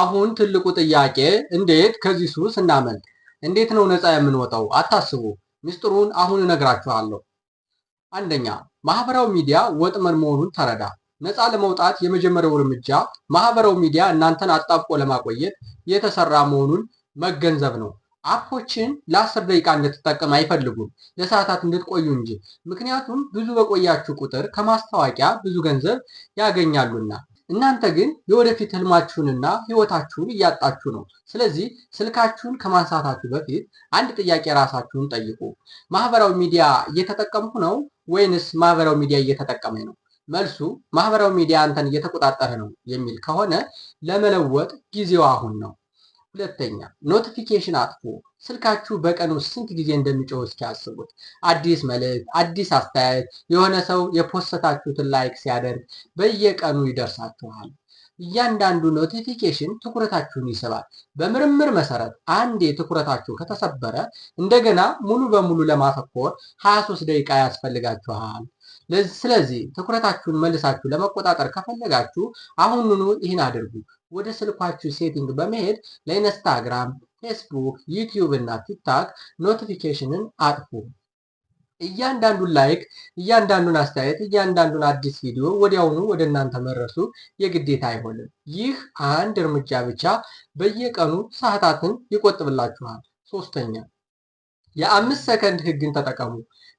አሁን ትልቁ ጥያቄ እንዴት ከዚህ ሱስ እናመልጥ? እንዴት ነው ነፃ የምንወጣው? አታስቡ፣ ምስጢሩን አሁን እነግራችኋለሁ። አንደኛ ማህበራዊ ሚዲያ ወጥመድ መሆኑን ተረዳ። ነፃ ለመውጣት የመጀመሪያው እርምጃ ማህበራዊ ሚዲያ እናንተን አጣብቆ ለማቆየት የተሰራ መሆኑን መገንዘብ ነው። አፖችን ለአስር ደቂቃ እንድትጠቀም አይፈልጉም፣ ለሰዓታት እንድትቆዩ እንጂ። ምክንያቱም ብዙ በቆያችሁ ቁጥር ከማስታወቂያ ብዙ ገንዘብ ያገኛሉና እናንተ ግን የወደፊት ህልማችሁንና ህይወታችሁን እያጣችሁ ነው። ስለዚህ ስልካችሁን ከማንሳታችሁ በፊት አንድ ጥያቄ ራሳችሁን ጠይቁ። ማህበራዊ ሚዲያ እየተጠቀምኩ ነው ወይንስ ማህበራዊ ሚዲያ እየተጠቀመ ነው? መልሱ ማህበራዊ ሚዲያ አንተን እየተቆጣጠረ ነው የሚል ከሆነ ለመለወጥ ጊዜው አሁን ነው። ሁለተኛ ኖቲፊኬሽን አጥፎ ስልካችሁ በቀን ውስጥ ስንት ጊዜ እንደሚጮህ እስኪያስቡት። አዲስ መልእክት፣ አዲስ አስተያየት፣ የሆነ ሰው የፖሰታችሁትን ላይክ ሲያደርግ በየቀኑ ይደርሳችኋል። እያንዳንዱ ኖቲፊኬሽን ትኩረታችሁን ይስባል። በምርምር መሰረት አንዴ ትኩረታችሁ ከተሰበረ እንደገና ሙሉ በሙሉ ለማተኮር 23 ደቂቃ ያስፈልጋችኋል። ስለዚህ ትኩረታችሁን መልሳችሁ ለመቆጣጠር ከፈለጋችሁ አሁኑኑ ይህን አድርጉ። ወደ ስልኳችሁ ሴቲንግ በመሄድ ለኢንስታግራም፣ ፌስቡክ፣ ዩቲዩብ እና ቲክታክ ኖቲፊኬሽንን አጥፉ። እያንዳንዱን ላይክ፣ እያንዳንዱን አስተያየት፣ እያንዳንዱን አዲስ ቪዲዮ ወዲያውኑ ወደ እናንተ መረሱ የግዴታ አይሆንም። ይህ አንድ እርምጃ ብቻ በየቀኑ ሰዓታትን ይቆጥብላችኋል። ሶስተኛ የአምስት ሰከንድ ህግን ተጠቀሙ።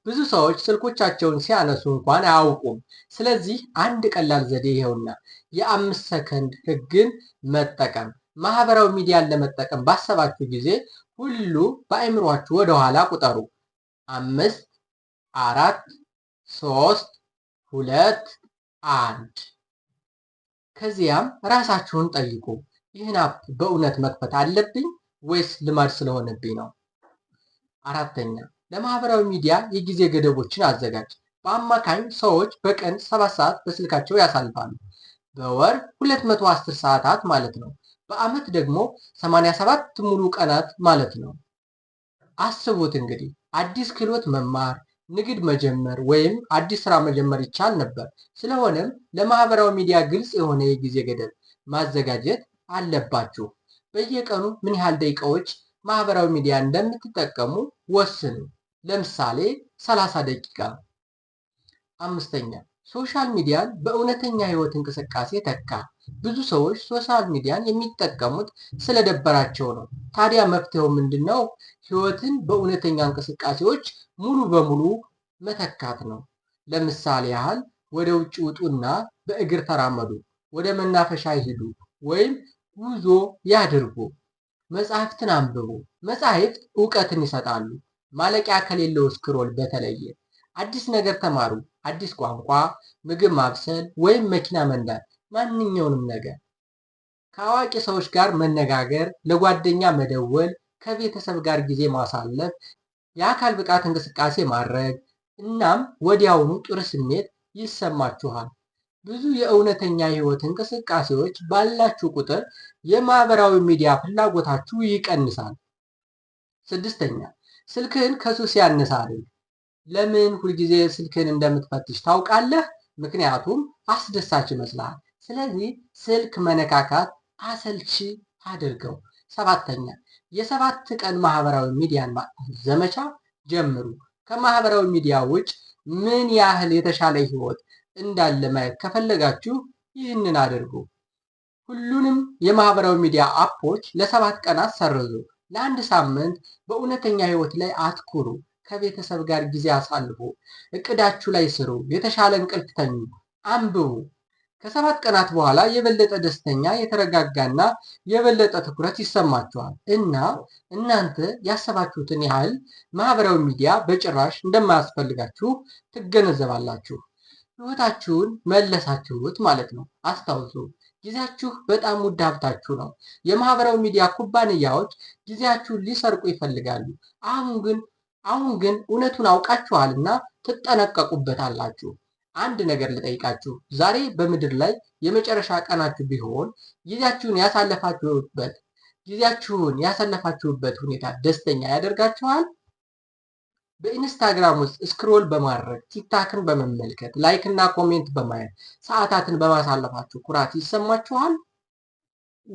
ብዙ ሰዎች ስልኮቻቸውን ሲያነሱ እንኳን አያውቁም። ስለዚህ አንድ ቀላል ዘዴ ይኸውና፣ የአምስት ሰከንድ ህግን መጠቀም። ማህበራዊ ሚዲያን ለመጠቀም ባሰባችሁ ጊዜ ሁሉ በአእምሯችሁ ወደኋላ ቁጠሩ። አምስት፣ አራት፣ ሶስት፣ ሁለት፣ አንድ። ከዚያም ራሳችሁን ጠይቁ፣ ይህን አፕ በእውነት መክፈት አለብኝ ወይስ ልማድ ስለሆነብኝ ነው? አራተኛ ለማህበራዊ ሚዲያ የጊዜ ገደቦችን አዘጋጅ። በአማካኝ ሰዎች በቀን ሰባ ሰዓት በስልካቸው ያሳልፋሉ። በወር 210 ሰዓታት ማለት ነው። በአመት ደግሞ 87 ሙሉ ቀናት ማለት ነው። አስቡት እንግዲህ አዲስ ክህሎት መማር፣ ንግድ መጀመር ወይም አዲስ ስራ መጀመር ይቻል ነበር። ስለሆነም ለማህበራዊ ሚዲያ ግልጽ የሆነ የጊዜ ገደብ ማዘጋጀት አለባችሁ። በየቀኑ ምን ያህል ደቂቃዎች ማህበራዊ ሚዲያ እንደምትጠቀሙ ወስኑ። ለምሳሌ 30 ደቂቃ። አምስተኛ ሶሻል ሚዲያን በእውነተኛ ህይወት እንቅስቃሴ ተካ። ብዙ ሰዎች ሶሻል ሚዲያን የሚጠቀሙት ስለደበራቸው ነው። ታዲያ መፍትሄው ምንድን ነው? ህይወትን በእውነተኛ እንቅስቃሴዎች ሙሉ በሙሉ መተካት ነው። ለምሳሌ ያህል ወደ ውጭ ውጡና በእግር ተራመዱ፣ ወደ መናፈሻ ይሂዱ፣ ወይም ጉዞ ያድርጉ። መጽሐፍትን አንብቡ። መጽሐፍት እውቀትን ይሰጣሉ። ማለቂያ ከሌለው ስክሮል በተለየ አዲስ ነገር ተማሩ፣ አዲስ ቋንቋ፣ ምግብ ማብሰል ወይም መኪና መንዳት፣ ማንኛውንም ነገር ከአዋቂ ሰዎች ጋር መነጋገር፣ ለጓደኛ መደወል፣ ከቤተሰብ ጋር ጊዜ ማሳለፍ፣ የአካል ብቃት እንቅስቃሴ ማድረግ። እናም ወዲያውኑ ጥሩ ስሜት ይሰማችኋል። ብዙ የእውነተኛ ህይወት እንቅስቃሴዎች ባላችሁ ቁጥር የማህበራዊ ሚዲያ ፍላጎታችሁ ይቀንሳል። ስድስተኛ ስልክህን ከሱስ ያነሳ አድርግ። ለምን ሁልጊዜ ስልክህን እንደምትፈትሽ ታውቃለህ? ምክንያቱም አስደሳች ይመስላል። ስለዚህ ስልክ መነካካት አሰልቺ አድርገው። ሰባተኛ የሰባት ቀን ማህበራዊ ሚዲያን ዘመቻ ጀምሩ። ከማህበራዊ ሚዲያ ውጭ ምን ያህል የተሻለ ህይወት እንዳለ ማየት ከፈለጋችሁ ይህንን አድርጉ። ሁሉንም የማህበራዊ ሚዲያ አፖች ለሰባት ቀናት ሰርዙ። ለአንድ ሳምንት በእውነተኛ ህይወት ላይ አትኩሩ። ከቤተሰብ ጋር ጊዜ አሳልፉ። እቅዳችሁ ላይ ስሩ። የተሻለ እንቅልፍ ተኙ። አንብቡ። ከሰባት ቀናት በኋላ የበለጠ ደስተኛ፣ የተረጋጋና የበለጠ ትኩረት ይሰማችኋል እና እናንተ ያሰባችሁትን ያህል ማህበራዊ ሚዲያ በጭራሽ እንደማያስፈልጋችሁ ትገነዘባላችሁ። ህይወታችሁን መለሳችሁት ማለት ነው። አስታውሱ፣ ጊዜያችሁ በጣም ውድ ሀብታችሁ ነው። የማህበራዊ ሚዲያ ኩባንያዎች ጊዜያችሁን ሊሰርቁ ይፈልጋሉ። አሁን ግን አሁን ግን እውነቱን አውቃችኋልና ትጠነቀቁበታላችሁ። አንድ ነገር ልጠይቃችሁ። ዛሬ በምድር ላይ የመጨረሻ ቀናችሁ ቢሆን ጊዜያችሁን ያሳለፋችሁበት ጊዜያችሁን ያሳለፋችሁበት ሁኔታ ደስተኛ ያደርጋችኋል? በኢንስታግራም ውስጥ ስክሮል በማድረግ ቲክታክን በመመልከት ላይክ እና ኮሜንት በማየት ሰዓታትን በማሳለፋችሁ ኩራት ይሰማችኋል?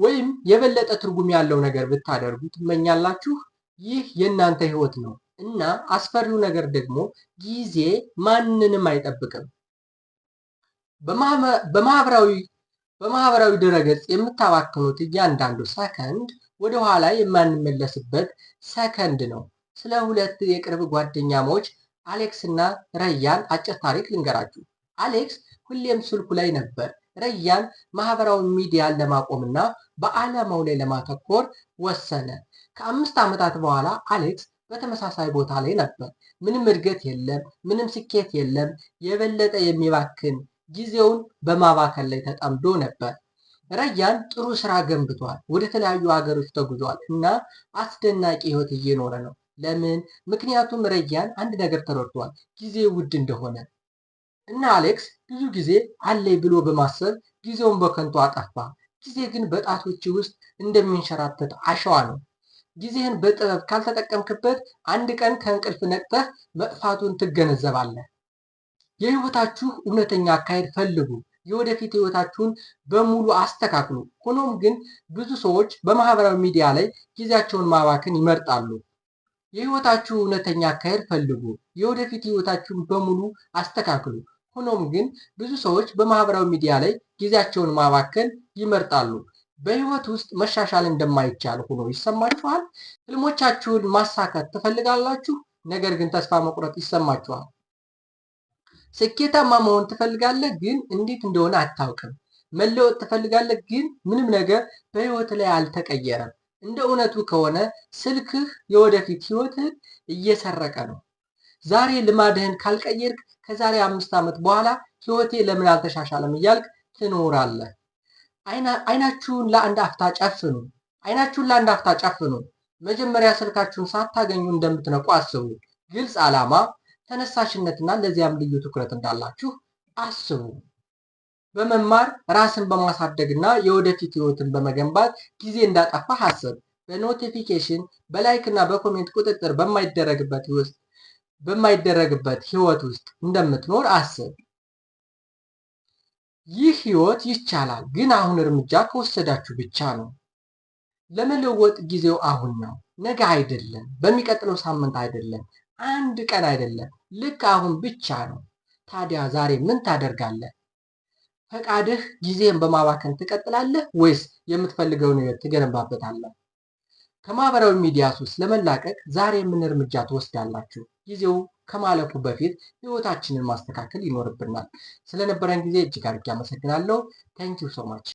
ወይም የበለጠ ትርጉም ያለው ነገር ብታደርጉ ትመኛላችሁ? ይህ የእናንተ ህይወት ነው እና አስፈሪው ነገር ደግሞ ጊዜ ማንንም አይጠብቅም። በማህበራዊ በማህበራዊ ድረገጽ የምታባክኑት እያንዳንዱ ሰከንድ ወደኋላ የማንመለስበት ሰከንድ ነው። ስለ ሁለት የቅርብ ጓደኛሞች አሌክስ እና ረያን አጭር ታሪክ ልንገራችሁ። አሌክስ ሁሌም ስልኩ ላይ ነበር። ረያን ማህበራዊ ሚዲያን ለማቆምና በዓላማው ላይ ለማተኮር ወሰነ። ከአምስት ዓመታት በኋላ አሌክስ በተመሳሳይ ቦታ ላይ ነበር። ምንም እድገት የለም፣ ምንም ስኬት የለም። የበለጠ የሚባክን ጊዜውን በማባከል ላይ ተጠምዶ ነበር። ረያን ጥሩ ስራ ገንብቷል፣ ወደ ተለያዩ ሀገሮች ተጉዟል እና አስደናቂ ህይወት እየኖረ ነው። ለምን? ምክንያቱም ረያን አንድ ነገር ተረድቷል፣ ጊዜ ውድ እንደሆነ እና አሌክስ ብዙ ጊዜ አለይ ብሎ በማሰብ ጊዜውን በከንቱ አጠፋ። ጊዜ ግን በጣቶች ውስጥ እንደሚንሸራተት አሸዋ ነው። ጊዜህን በጥበብ ካልተጠቀምክበት አንድ ቀን ከእንቅልፍ ነቅተህ መጥፋቱን ትገነዘባለህ። የህይወታችሁ እውነተኛ አካሄድ ፈልጉ። የወደፊት ህይወታችሁን በሙሉ አስተካክሉ። ሆኖም ግን ብዙ ሰዎች በማህበራዊ ሚዲያ ላይ ጊዜያቸውን ማባክን ይመርጣሉ። የህይወታችሁ እውነተኛ አካሄድ ፈልጉ። የወደፊት ህይወታችሁን በሙሉ አስተካክሉ። ሆኖም ግን ብዙ ሰዎች በማህበራዊ ሚዲያ ላይ ጊዜያቸውን ማባከን ይመርጣሉ። በህይወት ውስጥ መሻሻል እንደማይቻል ሆኖ ይሰማችኋል። ህልሞቻችሁን ማሳካት ትፈልጋላችሁ፣ ነገር ግን ተስፋ መቁረጥ ይሰማችኋል። ስኬታማ መሆን ትፈልጋለህ፣ ግን እንዴት እንደሆነ አታውቅም። መለወጥ ትፈልጋለህ፣ ግን ምንም ነገር በህይወት ላይ አልተቀየረም። እንደ እውነቱ ከሆነ ስልክህ የወደፊት ህይወትህን እየሰረቀ ነው። ዛሬ ልማድህን ካልቀየርክ ከዛሬ አምስት ዓመት በኋላ ህይወቴ ለምን አልተሻሻለም እያልክ ትኖራለህ። አይናችሁን ለአንድ አፍታ ጨፍኑ። አይናችሁን ለአንድ አፍታ ጨፍኑ። መጀመሪያ ስልካችሁን ሳታገኙ እንደምትነቁ አስቡ። ግልጽ ዓላማ፣ ተነሳሽነትና ለዚያም ልዩ ትኩረት እንዳላችሁ አስቡ። በመማር ራስን በማሳደግ እና የወደፊት ህይወትን በመገንባት ጊዜ እንዳጠፋ ሀሰብ በኖቲፊኬሽን በላይክ እና በኮሜንት ቁጥጥር በማይደረግበት ውስጥ በማይደረግበት ህይወት ውስጥ እንደምትኖር አስብ። ይህ ህይወት ይቻላል፣ ግን አሁን እርምጃ ከወሰዳችሁ ብቻ ነው። ለመለወጥ ጊዜው አሁን ነው፣ ነገ አይደለም፣ በሚቀጥለው ሳምንት አይደለም፣ አንድ ቀን አይደለም፣ ልክ አሁን ብቻ ነው። ታዲያ ዛሬ ምን ታደርጋለህ? ፈቃድህ ጊዜን በማባከን ትቀጥላለህ ወይስ የምትፈልገውን ነገር ትገነባበታለህ? ከማህበራዊ ሚዲያ ሱስ ለመላቀቅ ዛሬ ምን እርምጃ ትወስዳላችሁ? ጊዜው ከማለፉ በፊት ህይወታችንን ማስተካከል ይኖርብናል። ስለነበረን ጊዜ እጅግ አድርጌ አመሰግናለሁ። ታንኪዩ ሶማች